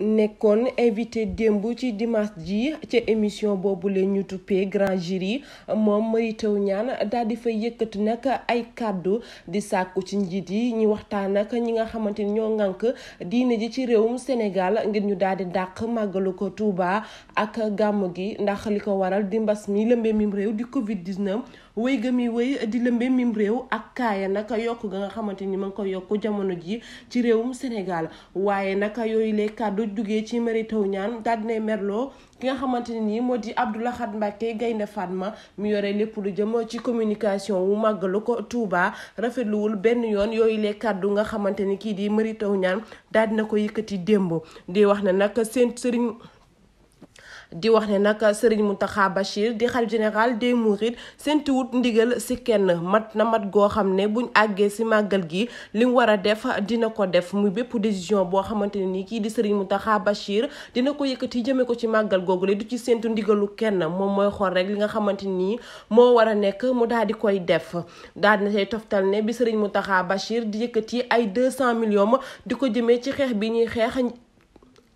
nekkoon invité démb ci dimanche ji ca émission boobu leen ñu tuppee grand jury moom Mary ñaan Niane daal di fay yëkkati nag ay kàddu di sàkku ci njiit yi ñu waxtaan ak ñi nga xamante ni ñoo ŋànk diine ji ci réewum Sénégal ngir ñu daal di dàq màggalu ko Touba ak gàmm gi ndax li ko waral di mbas mi lëmbee mim réew di Covid 19. wéy ga mi wéy di lëmbe mim réew ak kaaya nag yokk ga nga xamante ni ma ngi ko yokk jamono ji ci réewum Sénégal waaye nag yooyu lee kàddu jugee ci Mary Teuw Niane daal merloo ki nga xamante ne nii moo di Abdou Lahad Mbacké Gaynde ma mu yore lépp lu jëm ci communication wu lu ko Touba rafetluwul benn yoon yooyu lee kàddu nga xamante ni kii di Mary Teuw Niane dina ko yëkkati démb di wax ne nag seen sëriñ di wax ne nag Serigne Mountakha Bachir di xal général des Mourides séntu ndigal si kenn mat na mat goo xam ne buñ àggee si màggal gi li mu war a def dina ko def muy bépp décision boo xamante ne nii kii di Serigne Mountakha Bachir dina ko yëkkati jëme ko ci màggal googu le di ci séntu ndigalu kenn moom mooy xool rek li nga xamante nii moo war a nekk mu daal di koy def daal na say toftal ne bi mu Mountakha Bachir di yëkkati ay deux cent millions di ko jëmee ci xeex bi ñuy xeex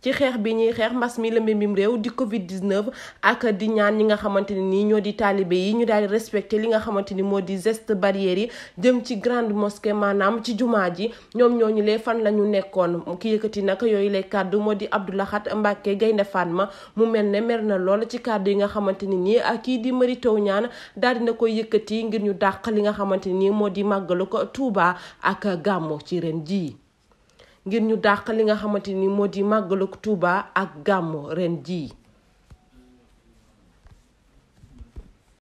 ci xeex bi ñuy xeex mbas mi lëmbe mim réew di Covid 19 ak di ñaan ñi nga xamante ne nii ñoo di taalibe yi ñu daal di respecté li nga xamante ni moo di geste barier yi jëm ci grande mosque maanaam ci jumaa ji ñoom ñoo ñu lee fan la ñu nekkoon ki yëkkati nag yooyu lay kàddu moo di Abdou Lahat Mbacké Gaynde Fatma mu mel ne mer na lool ci kàddu yi nga xamante ne nii ak kii di Mary Teuw Niane daal dina koy yëkkati ngir ñu dàq li nga xamante ni moo di màggalu ko Touba ak gàmmu ci ren jii. ngir ñu dàq li nga xamante ni moo di màggalug Tuuba ak gàmmu ren jii